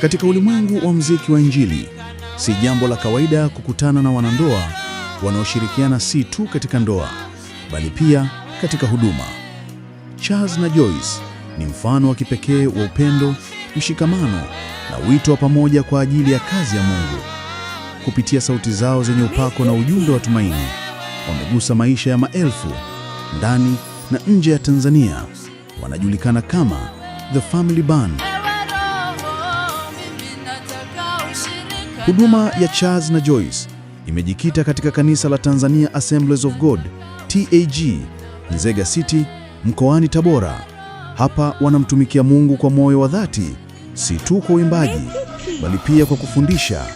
Katika ulimwengu wa muziki wa Injili, si jambo la kawaida kukutana na wanandoa wanaoshirikiana si tu katika ndoa, bali pia katika huduma. Charles na Joyce ni mfano wa kipekee wa upendo, mshikamano na wito wa pamoja kwa ajili ya kazi ya Mungu. Kupitia sauti zao zenye upako na ujumbe wa tumaini, wamegusa maisha ya maelfu ndani na nje ya Tanzania. Wanajulikana kama The Family Band. Huduma ya Charles na Joyce imejikita katika kanisa la Tanzania Assemblies of God TAG Nzega City mkoani Tabora. Hapa wanamtumikia Mungu kwa moyo wa dhati, si tu kwa uimbaji, bali pia kwa kufundisha,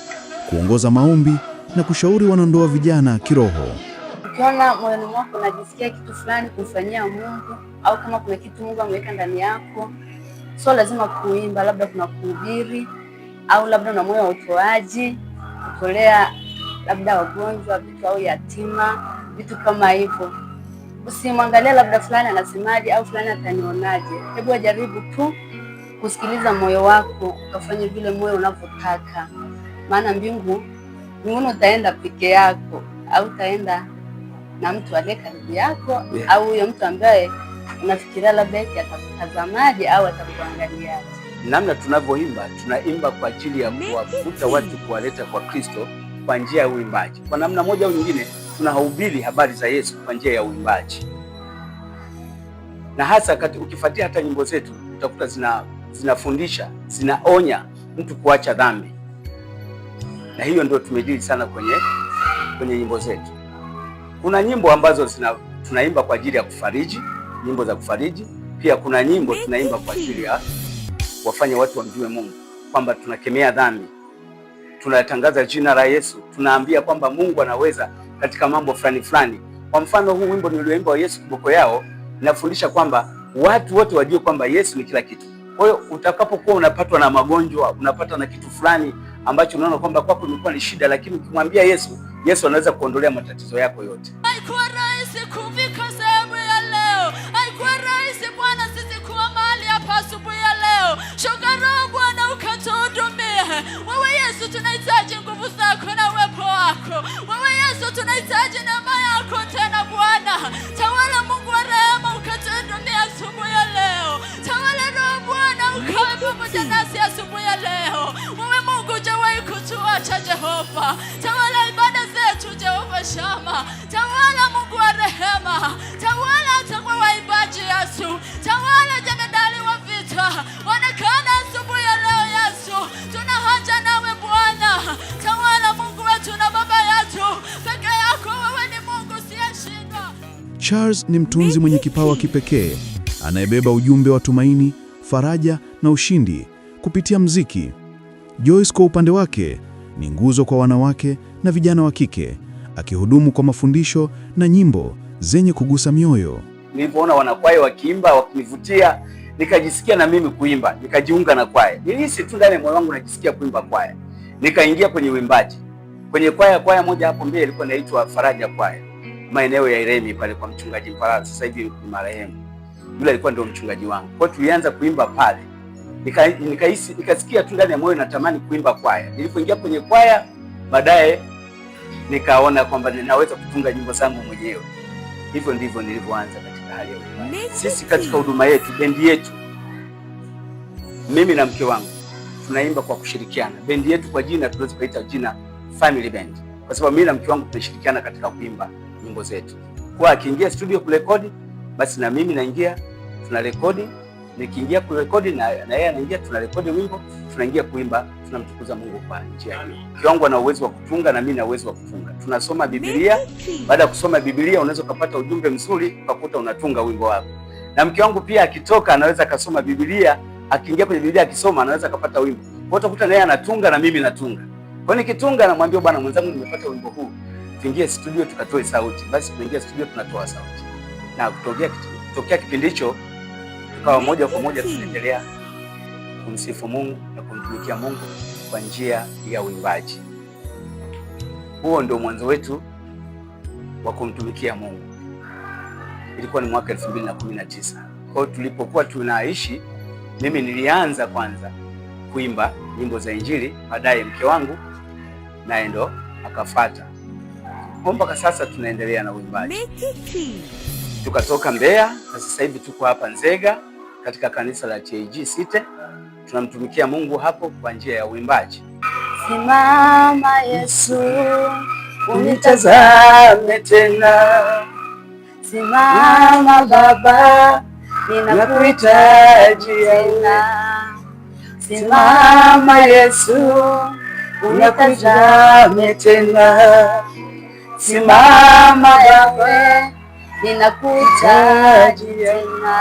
kuongoza maombi na kushauri wanandoa vijana kiroho. Ukiona moyoni mwako unajisikia kitu fulani kumfanyia Mungu, au kama kuna kitu Mungu ameweka ndani yako, sio lazima kuimba, labda kuna kuhubiri au labda una moyo wa utoaji, kutolea labda wagonjwa vitu au yatima, vitu kama hivyo. Usimwangalie labda fulani anasemaje au fulani atanionaje. Hebu wajaribu tu kusikiliza moyo wako, ukafanye vile moyo unavyotaka, maana mbingu mbinguni utaenda peke yako au utaenda na mtu aliye karibu yako, yeah. au huyo mtu ambaye unafikiria labda atakutazamaje au atakuangaliaje namna tunavyoimba, tunaimba kwa ajili ya kuwavuta watu, kuwaleta kwa Kristo kwa njia ya uimbaji. Kwa namna moja au nyingine, tunahubiri habari za Yesu kwa njia ya uimbaji, na hasa kati, ukifuatia hata nyimbo zetu utakuta zina zinafundisha zinaonya mtu kuacha dhambi, na hiyo ndio tumejili sana kwenye kwenye nyimbo zetu. Kuna nyimbo ambazo zina, tunaimba kwa ajili ya kufariji, nyimbo za kufariji. Pia kuna nyimbo tunaimba kwa ajili ya wafanye watu wamjue Mungu, kwamba tunakemea dhambi, tunatangaza jina la Yesu, tunaambia kwamba Mungu anaweza katika mambo fulani fulani. Kwa mfano huu wimbo nilioimba wa Yesu kiboko yao nafundisha kwamba watu wote wajue kwamba Yesu ni kila kitu. Kwa hiyo utakapokuwa unapatwa na magonjwa, unapata na kitu fulani ambacho unaona kwamba kwako imekuwa ni shida, lakini ukimwambia Yesu, Yesu anaweza kuondolea matatizo yako yote. yako. Wewe Yesu, tunahitaji neema yako tena Bwana. Tawala Mungu wa rehema, ukatudumia asubuhi ya leo. Tawala Roho Bwana, ukawe pamoja nasi asubuhi ya leo. Wewe Mungu hujawahi kutuacha Jehova. Tawala ibada zetu Jehova Shama. Tawala Mungu wa rehema, tawala atakuwa waimbaji Yesu. Tawala Charles ni mtunzi mwenye kipawa kipekee anayebeba ujumbe wa tumaini, faraja na ushindi kupitia mziki. Joyce kwa upande wake ni nguzo kwa wanawake na vijana wa kike, akihudumu kwa mafundisho na nyimbo zenye kugusa mioyo. Nilipoona wanakwaya wakiimba wakinivutia, nikajisikia na mimi kuimba, nikajiunga na kwaya. Nilihisi tu ndani ya moyo wangu najisikia kuimba kwaya, nikaingia kwenye uimbaji kwenye kwaya. Kwaya moja hapo mbele ilikuwa inaitwa Faraja Kwaya maeneo ya Iremi pale kwa mchungaji Mpala, sasa hivi ni marehemu, yule alikuwa ndio mchungaji wangu. Kwa tulianza kuimba pale, nikahisi nika nikasikia tu ndani ya moyo natamani kuimba kwaya. Nilipoingia kwenye kwaya baadaye nikaona kwamba ninaweza kutunga nyimbo zangu mwenyewe. Hivyo ndivyo nilivyoanza katika hali ya huduma. Sisi katika huduma yetu, bendi yetu, mimi na mke wangu tunaimba kwa kushirikiana. Bendi yetu kwa jina tunaweza kuita jina family band, kwa sababu mimi na mke wangu tunashirikiana katika kuimba nyimbo zetu, kwa akiingia studio kurekodi, basi na mimi naingia tunarekodi, nikiingia kurekodi na na yeye anaingia tunarekodi wimbo, tunaingia kuimba, tunamtukuza Mungu kwa njia hiyo. Kiwango na uwezo wa kutunga na mimi na uwezo wa kutunga, tunasoma Biblia. Baada ya kusoma Biblia, unaweza kupata ujumbe mzuri, ukakuta unatunga wimbo wako. Na mke wangu pia akitoka, anaweza kasoma Biblia, akiingia kwenye Biblia akisoma, anaweza kupata wimbo. Kwa hiyo utakuta naye anatunga na mimi natunga. Kwa hiyo nikitunga, namwambia bwana mwenzangu, nimepata wimbo huu tuingie studio tukatoe sauti, basi tuingia studio tunatoa sauti na kutokea kutokea kipindi hicho tukawa moja kwa moja tunaendelea kumsifu Mungu na kumtumikia Mungu kwa njia ya uimbaji. Huo ndio mwanzo wetu wa kumtumikia Mungu. Ilikuwa ni mwaka 2019. Kwa hiyo tulipokuwa tunaishi, mimi nilianza kwanza kuimba nyimbo za Injili, baadaye mke wangu naye ndo akafuata. Kwa mpaka sasa tunaendelea na uimbaji. Tukatoka Mbeya na sasa hivi tuko hapa Nzega katika kanisa la TAG Site, tunamtumikia Mungu hapo kwa njia ya uimbaji. Simama Yesu, unitazame tena. Simama Baba, ninakuhitaji tena. Simama Yesu, unitazame tena. Simama Baba, ninakuhitaji tena.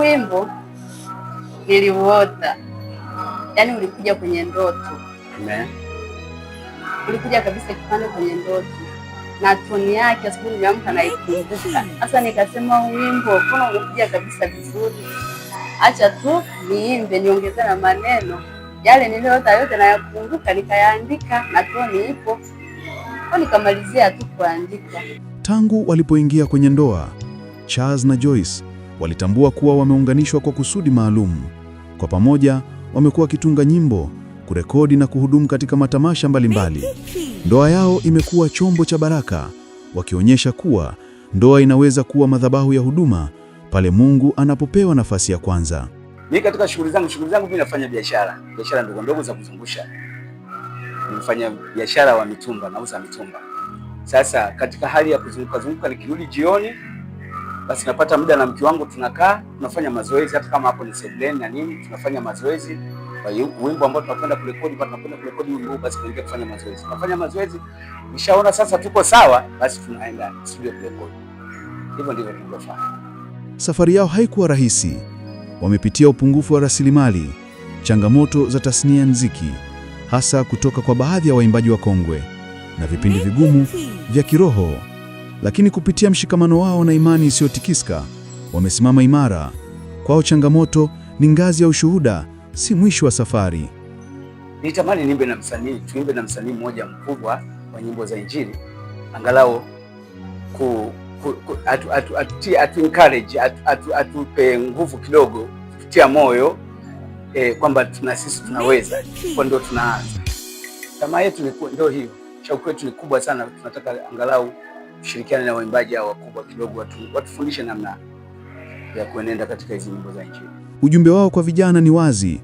Wimbo niliuota, yaani ulikuja kwenye ndoto. Amen. Ulikuja kabisa kipande kwenye ndoto na toni yake, asubuhi niliamka naikumbuka hasa, nikasema wimbo kuna ulikuja kabisa vizuri, acha tu niimbe, niongeze na maneno yale niliyoota yote nayakumbuka, nikayaandika na toni ipo nikamalizia tu kuandika. Tangu walipoingia kwenye ndoa, Charles na Joyce walitambua kuwa wameunganishwa kwa kusudi maalum. Kwa pamoja wamekuwa wakitunga nyimbo, kurekodi na kuhudumu katika matamasha mbalimbali. Ndoa yao imekuwa chombo cha baraka, wakionyesha kuwa ndoa inaweza kuwa madhabahu ya huduma pale Mungu anapopewa nafasi ya kwanza. Mimi katika shughuli zangu shughuli zangu mimi nafanya biashara biashara ndogo ndogo za kuzungusha ni mfanya biashara wa mitumba, nauza mitumba. Sasa katika hali ya kuzunguka zunguka, nikirudi jioni, basi napata muda na mke wangu, tunakaa tunafanya mazoezi, hata kama hapo ni sebuleni na nini, tunafanya mazoezi wimbo ambao tunakwenda kurekodi pale, tunakwenda kurekodi wimbo, basi tunaingia kufanya mazoezi, tunafanya mazoezi. Nishaona sasa tuko sawa, basi tunaenda studio kurekodi. Hivyo ndivyo tulivyofanya. Safari yao haikuwa rahisi, wamepitia upungufu wa rasilimali, changamoto za tasnia nziki hasa kutoka kwa baadhi ya waimbaji wa kongwe na vipindi vigumu vya kiroho, lakini kupitia mshikamano wao na imani isiyotikisika wamesimama imara. Kwao changamoto ni ngazi ya ushuhuda, si mwisho wa safari. Nitamani nimbe na msanii, tuimbe na msanii mmoja mkubwa wa nyimbo za Injili, angalau ku, ku, ku, atu, atu, atu, atu encourage atu, atu, atupe nguvu kidogo, kutia moyo eh, kwamba tuna sisi tunaweza, kwa ndio tunaanza. Tamaa yetu ndio hiyo, shauku yetu ni kubwa sana, tunataka angalau tushirikiane na waimbaji hao wakubwa kidogo, watufundishe namna ya kuenenda katika hizi nyimbo za Injili. Ujumbe wao kwa vijana ni wazi: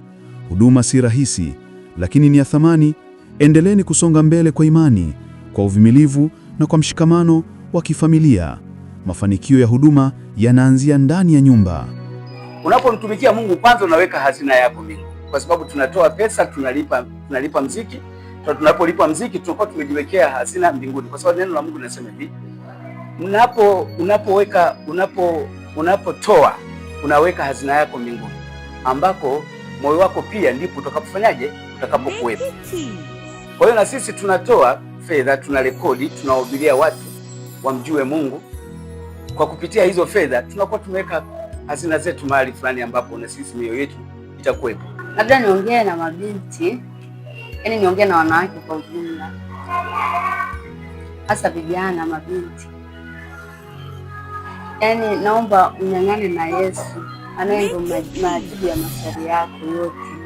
huduma si rahisi, lakini ni ya thamani. Endeleeni kusonga mbele kwa imani, kwa uvumilivu na kwa mshikamano wa kifamilia. Mafanikio ya huduma yanaanzia ndani ya nyumba. Unapomtumikia Mungu kwanza unaweka hazina yako mbinguni, kwa sababu tunatoa pesa, tunalipa tunalipa mziki, tunapolipa mziki tunakuwa tumejiwekea hazina mbinguni, kwa sababu neno la Mungu linasema hivi, unapo unapoweka unapo unapotoa unaweka hazina yako mbinguni, ambako moyo wako pia ndipo utakapofanyaje utakapokuwepo. Kwa hiyo na sisi tunatoa fedha, tunarekodi, tunawahubiria watu wamjue Mungu. Kwa kupitia hizo fedha tunakuwa tumeweka hazina zetu mahali fulani ambapo na sisi mioyo yetu itakuwepo. Labda niongee na mabinti, yaani niongee na wanawake kwa ujumla, hasa vijana, mabinti. Yaani naomba unyang'ane na Yesu anaye ndo majibu ya maswali yako yote.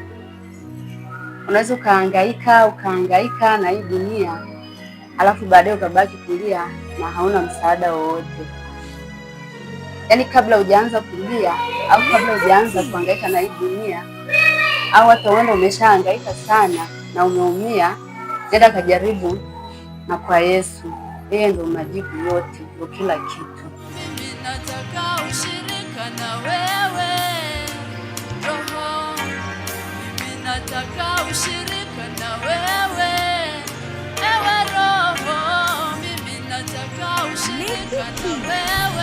Unaweza ukaangaika ukaangaika na hii dunia, alafu baadaye ukabaki kulia na hauna msaada wowote yani kabla hujaanza kulia au kabla hujaanza kuhangaika na hii dunia, au hata uenda umeshahangaika sana na umeumia, nenda kajaribu na kwa Yesu, yeye ndio majibu yote, ndio kila kitu. Nataka ushirika na wewe Roho, nataka ushirika na wewe ewe Roho, mimi nataka ushirika na wewe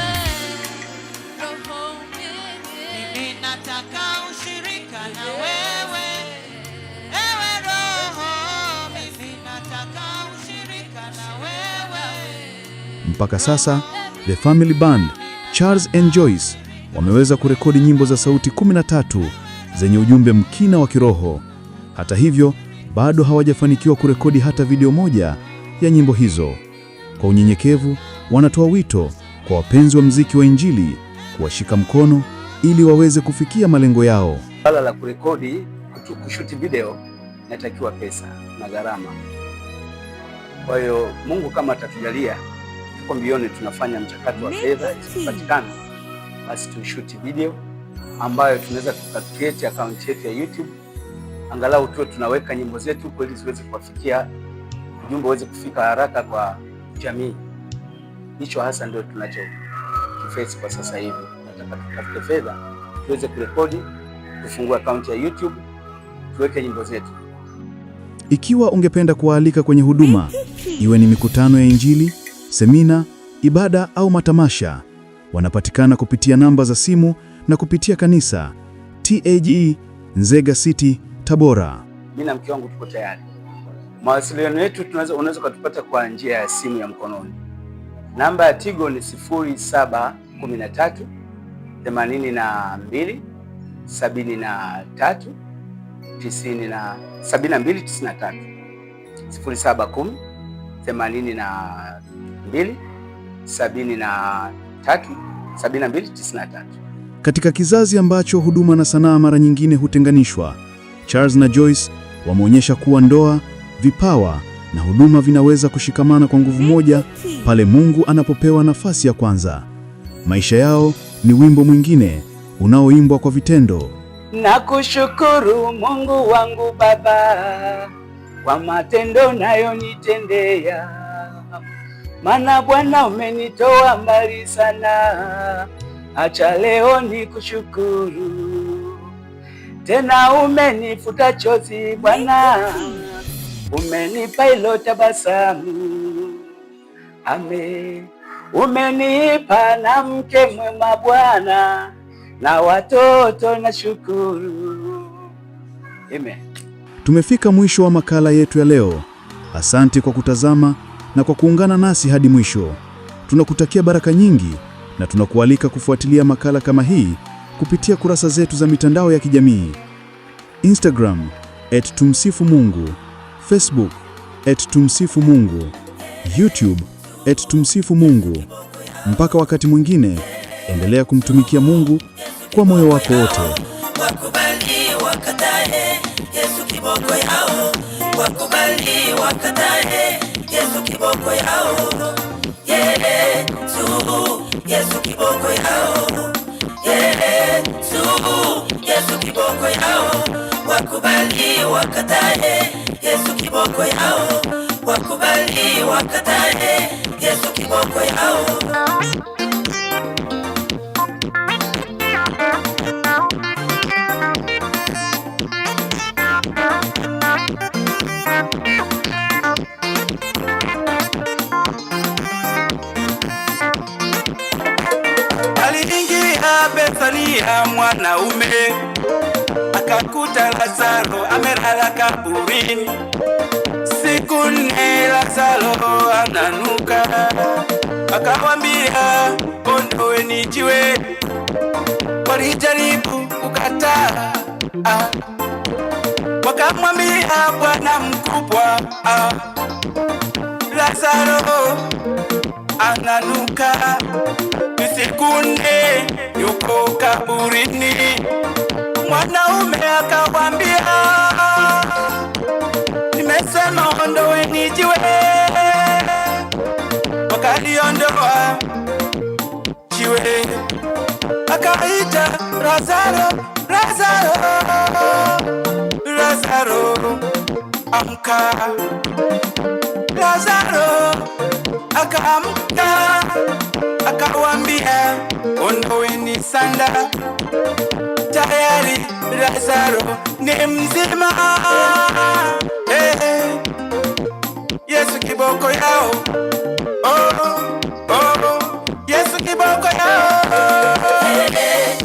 Mpaka sasa The Family Band, Charles and Joyce wameweza kurekodi nyimbo za sauti 13 zenye ujumbe mkina wa kiroho. Hata hivyo, bado hawajafanikiwa kurekodi hata video moja ya nyimbo hizo. Kwa unyenyekevu, wanatoa wito kwa wapenzi wa mziki wa Injili kuwashika mkono ili waweze kufikia malengo yao. Swala la kurekodi, kushuti video inatakiwa pesa na gharama. Kwa hiyo Mungu kama atatujalia huko mbioni tunafanya mchakato wa fedha isipatikana, basi tushuti video ambayo tunaweza tukacreate account yetu ya YouTube, angalau tuwe tunaweka nyimbo zetu huko ili ziweze kuwafikia, ujumbe uweze kufika haraka kwa jamii. Hicho hasa ndio tunacho kifesi kwa sasa hivi. Nataka tutafute fedha tuweze kurekodi, kufungua account ya YouTube, tuweke nyimbo zetu. Ikiwa ungependa kuwaalika kwenye huduma, iwe ni mikutano ya Injili semina, ibada au matamasha. Wanapatikana kupitia namba za simu na kupitia kanisa TAG e, Nzega City Tabora. Mimi na mke wangu tuko tayari. Mawasiliano yetu tunaweza, unaweza kutupata kwa njia ya simu ya mkononi. Namba ya Tigo ni 0713 82 73 90 72 93 0710 80 na mbili Katika kizazi ambacho huduma na sanaa mara nyingine hutenganishwa, Charles na Joyce wameonyesha kuwa ndoa, vipawa na huduma vinaweza kushikamana kwa nguvu moja pale Mungu anapopewa nafasi ya kwanza. Maisha yao ni wimbo mwingine unaoimbwa kwa vitendo. Nakushukuru Mungu wangu Baba kwa matendo nayonitendea Mana Bwana umenitoa mbali sana, acha leo ni kushukuru Tena umenifuta chozi Bwana, umenipa ilo tabasamu. Ame umenipa na mke mwema Bwana, na watoto na shukuru. Amen. Tumefika mwisho wa makala yetu ya leo. Asanti kwa kutazama na kwa kuungana nasi hadi mwisho. Tunakutakia baraka nyingi na tunakualika kufuatilia makala kama hii kupitia kurasa zetu za mitandao ya kijamii Instagram at tumsifu Mungu, Facebook at tumsifu Mungu, YouTube at tumsifu Mungu. Mpaka wakati mwingine, endelea kumtumikia Mungu kwa moyo wako wote. Wakubali wakatae, Yesu kiboko yao, wakubali wakatae. Yesu kiboko yao Yesu, Yesu kiboko yao Yesu, Yesu kiboko yao wakubali wakatae Yesu kiboko yao wakubali wakatae Yesu kiboko yao wanaume, akakuta Lazaro amelala kaburini. Siku nne Lazaro ananuka, akamwambia ondoweni jiwe. Walijaribu kukataa, ah. wakamwambia bwana mkubwa, ah. Lazaro ananuka. Sekunde yuko kaburini, mwanaume akawambia, nimesema ondoweni jiwe, wakaliondoa jiwe, akaita Lazaro, Lazaro, Lazaro, amka Lazaro akaamka. Nawambia ondoweni sanda, tayari Lazaro ni mzima. Hey, eh, Yesu kiboko yao oh, oh, Yesu kiboko yao hey,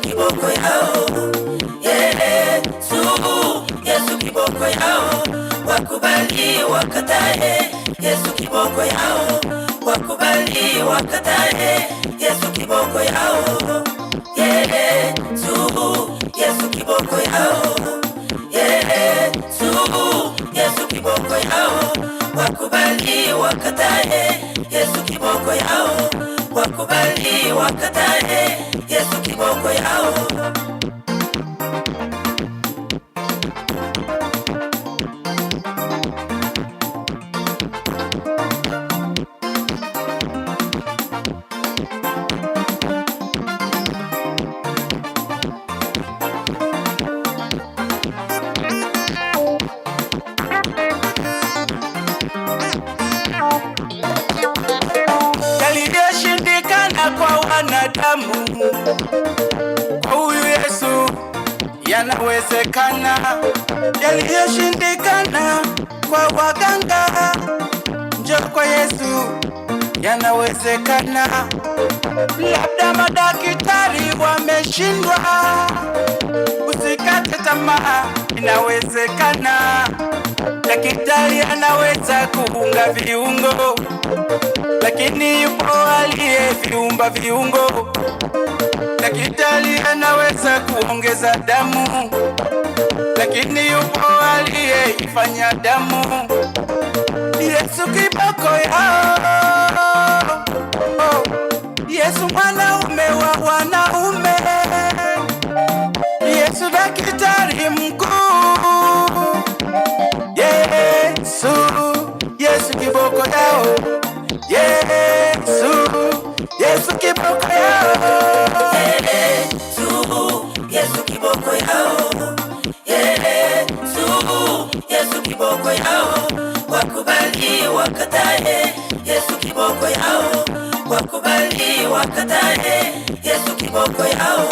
kiboko yao hey, Yesu kiboko yao wakubali wakatae, Yesu kiboko yao ili wakatae Yesu kiboko yao Yesu, Yesu kiboko yao Yesu, Yesu kiboko yao Wakubali wakatae Yesu kiboko yao Wakubali wakatae Yesu kiboko yao yaliyoshindikana kwa waganga, njo kwa Yesu yanawezekana. Labda madaktari wameshindwa, usikate tamaa, inawezekana. dakitari anaweza kuunga viungo, lakini yupo aliye viumba viungo Dakitari anaweza kuongeza damu, lakini yupo aliyeifanya damu Yesu kiboko yao. Yesu mwanaume wa wanaume, Yesu dakitari mkuu, Yesu Yesu kiboko yao, Yesu Yesu kiboko yao kiboko oh. yao, yeah, subu Yesu kiboko oh. yao, wakubali wakatae Yesu kiboko oh. yao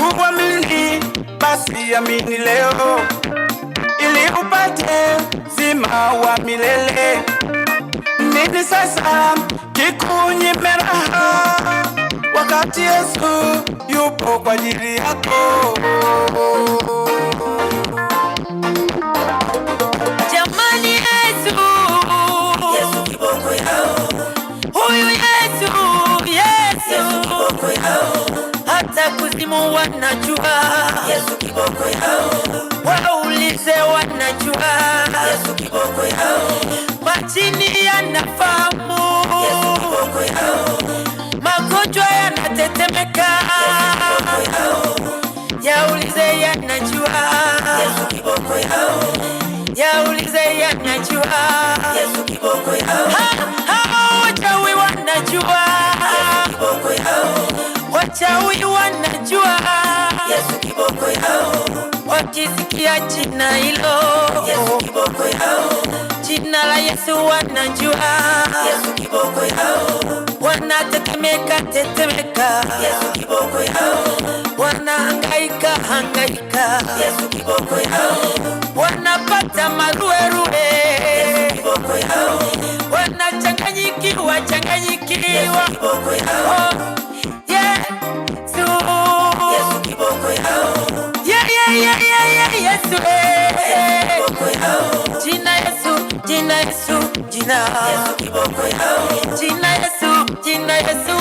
Hukuamini basi amini leo, ili upate zima wa milele. Nini sasa kikunyime raha, wakati Yesu yupo kwa ajili yako? hata kuzimu wanajua Yesu kiboko yao, waulize wanajua Yesu kiboko yao, machini yanafahamu Yesu kiboko yao, magonjwa yanatetemeka Yesu kiboko yaulize yanajua Yesu kiboko yao, yaulize yanajua Yesu kiboko yao wachawi wanajua Yesu kiboko yao, wakisikia jina hilo Yesu kiboko yao, jina la Yesu wanajua Yesu kiboko yao, wanatetemeka tetemeka Yesu kiboko yao, wanahangaika hangaika Yesu kiboko yao, wanapata Jina Yesu, jina Yesu kiboko yao. Jina Yesu, jina Yesu